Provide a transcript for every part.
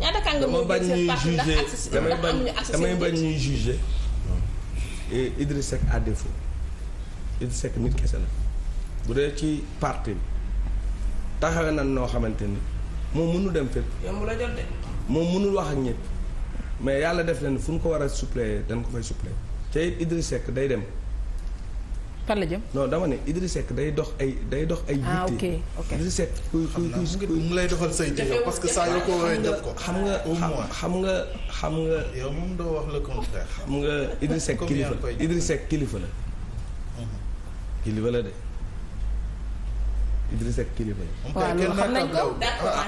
ñaata kàngam moo bañ ñuy jugé damay bañ samay bañ ñuy jugé Idriss Seck à défaut Idriss Seck nit kese la bu dee ci parti bi taxawe nan noo xamante ni moom mënul dem fépp yomb la jot moom munul wax ak ñëpp mais yàlla def na ni fu ñu ko war a suppléer dañ ko fay suppléer te it Idriss day dem fan la jëm. non dama ne Idriss day dox ay day dox ay. ah ok ok Idriss kuy kuy kuy mu lay doxal say jëf parce que saa yoo ko woowee def ko. xam nga xam nga xam nga. yow wax le contraire. xam nga Idriss Seck kilifa la Idriss Seck kilifa la. Mhm. kilifa la de Idriss kilifa la. ko ah,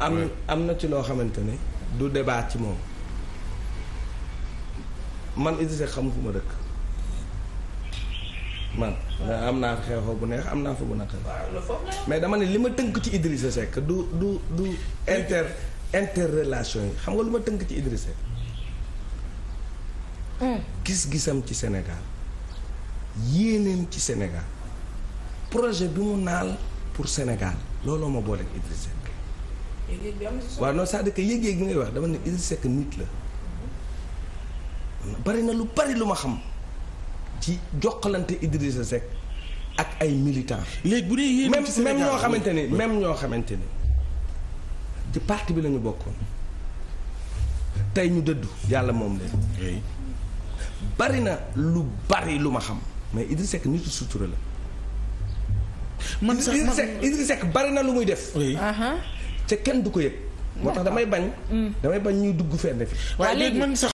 ah, am am na ci loo xamante ne du debaat ci moom man Idriss Seck xam ma dëkk. man am naa fi xew-xew bu neex am naa fa bu naqari mais dama ne li ma tënk ci Idrissa Seck du du du inter interrelation yi xam nga lu ma tënk ci Idrissa Seck hmm. gis-gisam ci Sénégal yéeneem ci senegal projet bi mu naal pour senegal looloo ma boole ak Idrissa Seck waaw non c'est-à-dire bi ngay wax dama ne Idrissa Seck nit la bari na lu bari lu ma xam ci jokkalante Idrissa Seck ak ay militants. léegi bu dee yéen même ñoo xamante ne même ñoo xamante ne ci parti bi lañu ñu bokkoon tey ñu dëddu yàlla moom leen. bari na lu bari lu ma xam mais Idrissa Seck nitu sutura la. man sax Idrissa Seck Idrissa Seck bari na lu muy def. ci uh-huh. kenn du ko yëg. moo tax damay bañ. Mm. damay bañ ñuy dugg fenn fi. waaye léegi man sax.